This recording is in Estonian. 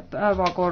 päevakorra